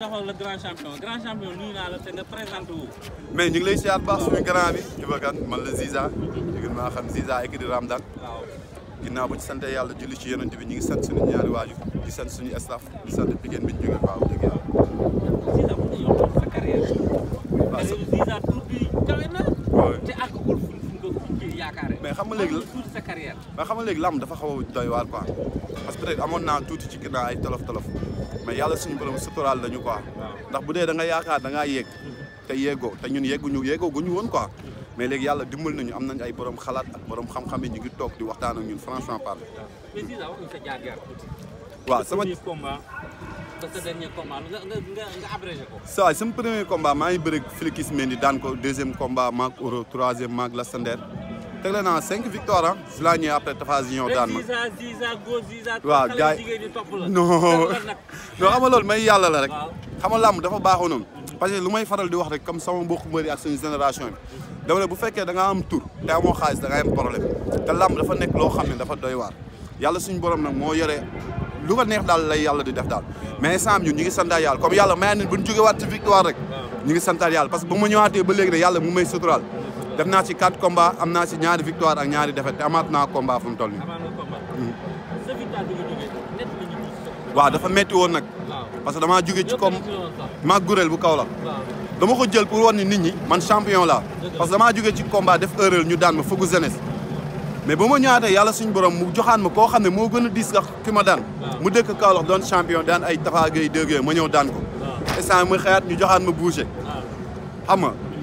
taxaw la grand champion grand champion nuyu naa la te nga présenté wu. mais ñu ngi sant yàlla julli ci yonent ñu ngi sant suñu ñaari waajur di sant suñu di sant Pikine bi ñu jógee waaw dëgg na. te àggagul fuñ xam nga léegi tuuti sa dafa xaw a doy waar quoi parce que amoon naa tuuti ci ginnaaw ay tolof tolof. mais yàlla suñu borom suturaal dañu quoi ndax bu dee danga yaakaar da ngaa yéeg te yéegoo te ñun yéeguñu yéegoo guñu woon quoi mais léegi yàlla dimbal nañu am nañ ay borom xalaat ak borom xam-xam yi ñu ngi toog di waxtaan a ñun franchement parlé. waaw sama sa dernier combat nga nga nga premier combat maa ngi bëri Félix Mendy daan ko deuxième combat maag Euro troisième la Lastander. teg la naa cinq victoire ah si laa ñëwee après Tafa Ziñoo daan ma. waaw gars yi non non xam nga loolu may yàlla la rek. xam nga làmb dafa baaxoo noonu. parce que lu may faral di wax rek comme sama mbokku mbëri ak suñu génération bi. dama ne bu fekkee da ngaa am tur te amoo xaalis da ngaa am problème te làmb dafa nekk loo xam ne dafa doy waar yàlla suñu borom nag moo yore lu ko neex daal lay yàlla di def daal mais sam ñun ñu ngi santaat yàlla comme yàlla may nit bu ñu jógewaat ci victoire rek ñu ngi santaat yàlla parce que ba ma ñëwaatee ba léegi ne yàlla mu may suturaal def naa ci quatre komba am naa si ñaari victoire ak ñaari défaite te amaat naa combat fu mu toll nii. Hmm. waaw dafa metti woon nag. parce que damaa jóge ci comme maag bu kaw dama ko jël pour wan ni nit ñi man champion laa. parce que damaa jóge ci combat def erreur ñu daan ma fukki jeunesse. mais ba ma ñëwaatee yàlla suñu borom mu joxaan ma koo xam ne moo gën a diis sax ma daan. mu dëkk Kaolack doon champion daan ay Tafa Gueye dégg ma ñëw daan ko. instant ma xëyaat ñu joxaan ma boucher. xam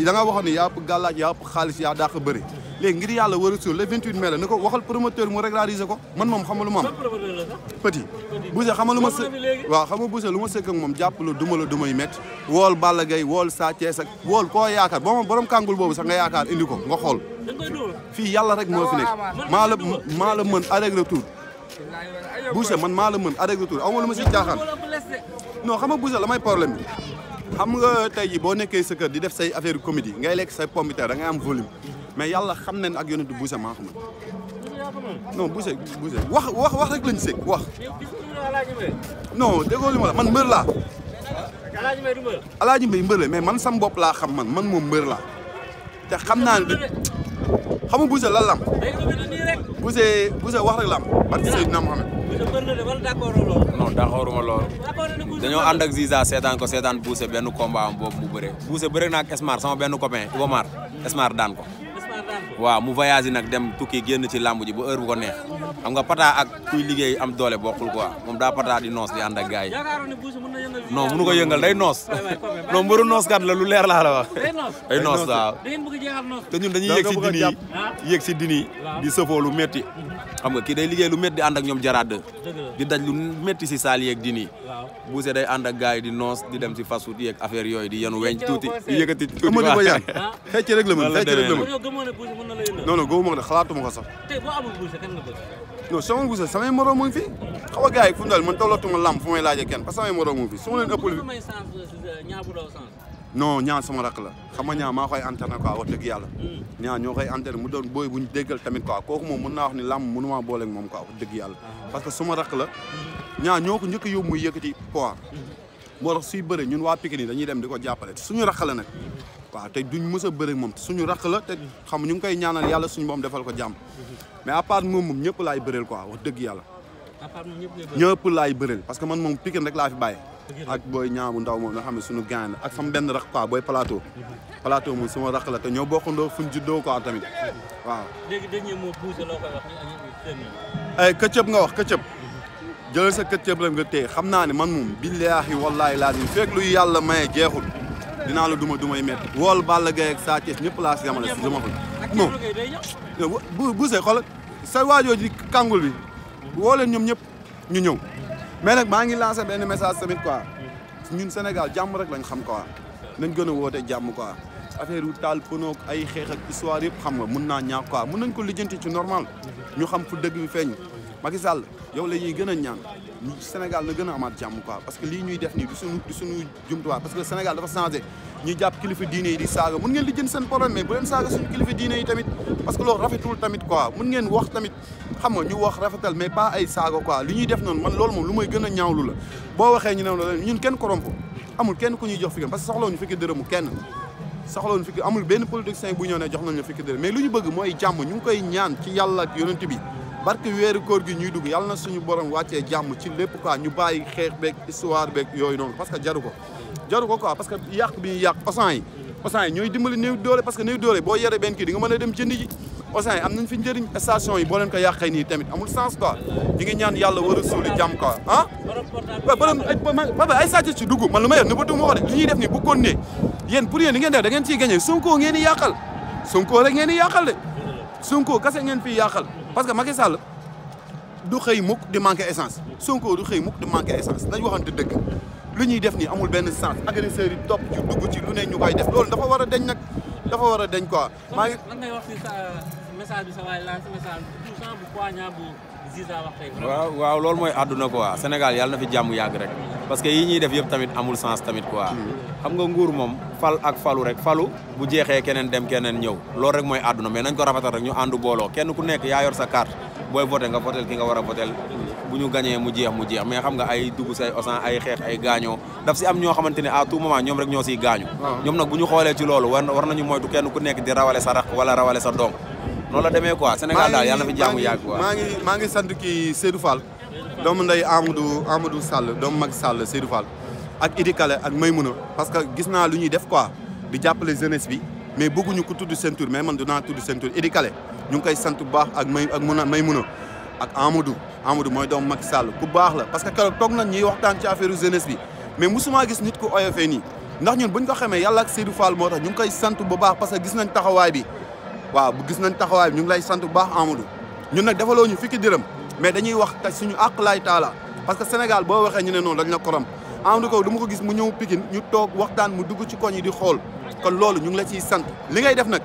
da nga waxoon ni yaa ëpp gàllaaj yaa ëpp xaalis yaa dàq bëri léegi ngir yàlla war a suur le 28 mai la ni ko waxal promoteur mu régulariser ko man moom xamalu ma am petit Boucher xamalu ma së waaw xam nga Boucher lu ma sëkk moom jàpp la duma la duma yu met wool Balla Gaye wool Sa Thiès ak wool koo yaakaar boo moom borom kàngul boobu sax nga yaakaar indi ko nga xool fii yàlla rek moo fi nekk maa la maa la mën avec le tour Boucher man maa la mën avec le aw ma lu ma si jaaxaan non xam nga may problème bi xam nga tey ji boo nekkee sa kër di def say affaire comédie ngay lekk say pomme da nga am volume mais yàlla xam nañ ak yonentu Bousse maa xam non Bousse Bousse wax wax wax rek lañ sëg wax non déggoo li ma la man mbër laa alaaji mbay mbër la mais man sam bopp laa xam man man moom mbër laa te xam naa ne xamu Bousse lan lam Bousse Bousse wax rek lam barki Seydina Mohamed non d'accorduma lool dañoo ànd ak Ziza seetaan ko seetaan buuse benn combat am boobu mu bëree buuse bëri na ak Esmar sama benn copain Iba Mar Esmar daan ko waaw mu voyage nag dem tukki génn ci làmb ji ba heure bu ko neex xam nga pata ak kuy liggéey am doole bokkul quoi moom daa pata di noos di ànd ak gars yi non mënu ko yëngal day noos non mbëru noos kat la lu leer laa la wax day noos waaw te ñun dañuy yéeg si dini yéeg si dini di sëfoo lu metti xam nga kii day liggéey lu métti di ànd ak ñoom jaraad di daj lu métti si saal yeeg di nii buuse day ànd ak gars yi di noos di dem si fast food yeeg affaire yooyu di yenu weñ tuuti di yëkkati tuuti waaw ko yar xëcc rek la mën la mën non non gëmuma ko de xalaatuma ko sax non sama buuse samay moroom mu ngi fi xaw a gars yi fu mu dal man tollootuma lamb fu may laajee kenn parce que fi non ñaan sama rak la xam nga ñaa maa koy antenne quoi wax deug yalla ñaan ñoo koy antenne mu doon boy buñu deggal tamit quoi koku mom mën naa wax ni làmm mënuma bolé mom quoi wax deug yalla parce que suma rak la ñaan ñoo ko njëkk yóbbu muy yëkkati poir moo tax suy bëre ñun waa pikini dañuy dem diko jappalé suñu rak la nak waaw tay duñ mësa bëre mom suñu rak la té xam ñu ngi koy ñaanal yalla suñu mom defal ko jamm mais à part mom mom ñëpp lay bëreel quoi wax deug yalla dëgg yàlla ñëpp lay bëreel parce que man mom pikine rek la fi baye ak booy ñaabu ndaw moom nga xam ne suñu gaan ak sama benn rax quoi booy plateau palaato moom sama rax la te ñoo fuñ juddoo quoi tamit waaw léegi dañu nga wax këccëb jëlal sa këccëb rek nga téye xam naa ne man moom billaahi wallaahi laazim fekk lu yàlla maye jeexul dinaa la duma dumay métti wool Balla Gaye ak Sa Thiès ñëpp laa si yamale si dama fa non bu bu sa waajoo ji kàngul bi woo ñoom ñëpp ñu ñëw mais nag maa ngi lancé benn message tamit quoi ñun Sénégal jàmm rek lañ xam quoi nañ gën a woote jàmm quoi affaire yu taal pono ay xeex ak histoire yëpp xam nga mun naa ñaaw quoi mun nañ ko lijjanti ci normal ñu xam fu dëgg bi feeñ Macky Sall yow la ñuy gën a ñaan Sénégal na gën a amaat jàmm quoi parce que lii ñuy def nii du suñu du suñu parce que Sénégal dafa changé ñuy jàpp kilifa diine yi di saaga mun ngeen lijjanti seen problème mais bu leen saaga suñu kilifa tamit parce que wax tamit xam ñu wax rafetal mais pas ay saago quoi li ñuy def noonu man loolu moom lu may gën a ñaawlu la boo waxee ñu ne ñun kenn corompo amul kenn ku ñuy jox fikki parce que soxlawuñu fikki dërëmu kenn soxlawuñu fikki amul benn politicien bu ñëw ne jox nañu fikki dërëm mais lu ñu bëgg mooy jàmm ñu ngi koy ñaan ci yàlla ak yonent bi barke weeru koor gi ñuy dugg yàlla na suñu borom wàccee jàmm ci lépp quoi ñu bàyyi xeex beeg histoire beeg yooyu parce que quoi parce que bi osan yi osaay ñoy dimbali néew doole parce que néew doole bo yare ben ki di nga mëna dem jënd ji Auchan am nañ fi njëriñ station yi bo leen ko yàqee ni tamit amul sens quoi di nga ñaan yalla war a suuli jàmm quoi han ah. ba borom ba ba ay sàcc ci duggu man luma ma ne nëbbatu ma mo wax li ñi def ni bu ko continuer yeen pour yeen ni ngeen def da ngeen ci gagné sunko ngeen ni yàqal sunko rek ngeen ni yàqal de sunko kasse ngeen fi yàqal parce que Macky Sall du xey muk di manquer essence sunko du xey muk di manquer essence dañ waxante deug lu ñuy def nii amul benn sens agresseurs yi topp ci dugg ci lu ne ñu koy def loolu dafa war a deñ nag dafa war a deñ quoi. maa euh, message bi sa waay lancé message waaw waaw loolu mooy àdduna quoi Sénégal yàlla na fi jàmm yàgg rek parce que yi ñuy def yëpp tamit amul sens tamit quoi. Hmm. xam nga nguur moom fal ak falu rek falu bu jeexee keneen dem keneen ñëw loolu rek mooy àdduna mais nañ ko rafetal rek ñu àndu booloo kenn ku nekk yaa sa carte booy voté nga votel ki nga war a votel hmm. bu ñu gañee mu jeex mu jeex mais xam nga ay dugg say osan ay xeex ay gaañoo daf si am ñoo xamante ne à tout moment ñoom rek ñoo siy gaañu ah. ñoom nag bu ñu xoolee ci loolu war war nañu moytu kenn ku nekk di rawale sa rax wala rawale sa doom noonu la demee quoi Sénégal daal yàlla na fi jaamu yàgg quoi maa ngi maa ngi sant kii parce que gis naa lu ñuy def quoi di jàppale jeunesse bi mais bëgguñu ko tudd seen tur man man dinaa tudd seen tur Idi Kale ñu ngi koy sant bu baax ak may ak ak Amadou Amadou mooy doomu Macky Sall ku baax la parce que keroog toog nañ ñuy waxtaan ci affaire jeunesse bi mais musuma gis nit ku oyofee nii ndax ñun buñ ko xamee yàlla ak Seydou Fall moo tax ñu ngi koy sant bu baax parce que gis nañ taxawaay bi waaw gis nañ taxawaay bi ñu ngi lay sant bu baax Amadou ñun nag defaloo ñu fikki dërëm mais dañuy wax te suñu àq laay taala parce que Sénégal boo waxee ñu ne noonu dañ la korom Amadou Kow du ma ko gis mu ñëw Pikine ñu toog waxtaan mu dugg ci koñ yi di xool ko loolu ñu ngi la ciy sant li ngay def nag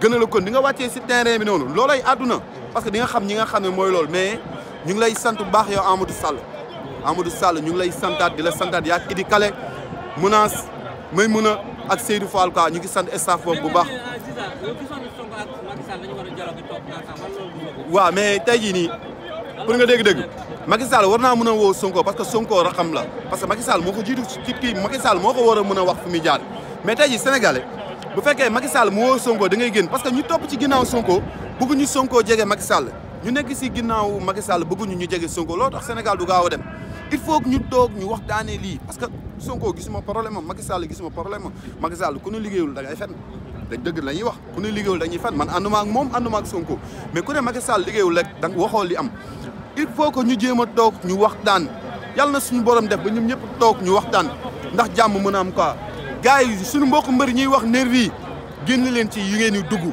gën a la kon di nga wàccee si terrain bi noonu loolay àdduna parce que di nga xam ñi nga xam ne mooy loolu mais ñu ngi lay sant bu baax yoo Amadou Sall Amadou Sall ñu ngi lay santaat di la santaat yaa ngi Idi Kale menace mais mun a ak Seydou Fall quoi ñu ngi sant staff boobu bu baax. waaw mais te jii nii pour nga dégg-dégg Macky Sall war naa mën a woo Sonko parce que Sonko raxam la parce que Macky Sall moo ko jiitu ci kii Macky moo ko war a mën a wax fu muy mais tey jii sénégalais bu fekkee Macky Sall mu woo Sonko da ngay génn parce que ñu topp ci ginnaaw Sonko. ñu sonkoo jege Macky Sall ñu nekk si ginnaaw Macky Sall bëgguñu ñu jege Sonko loo tax Sénégal du gaaw a dem il faut ñu toog ñu waxtaanee lii parce que Sonko gisuma problème am Macky Sall gisuma problème am Macky Sall ku ne liggéeyul da dëgg la ñuy wax ku ne dañuy fenn man ànduma ak moom ànduma ak mais ku ne Macky Sall liggéeyul rek waxoo li am il faut que ñu jéem a toog ñu waxtaan yàlla na suñu borom def ba ñoom ñëpp toog ñu waxtaan ndax jàmm mën a am quoi gars yi suñu mbokk mbëri ñuy wax nervi yi génn leen ci yi ngeen di dugg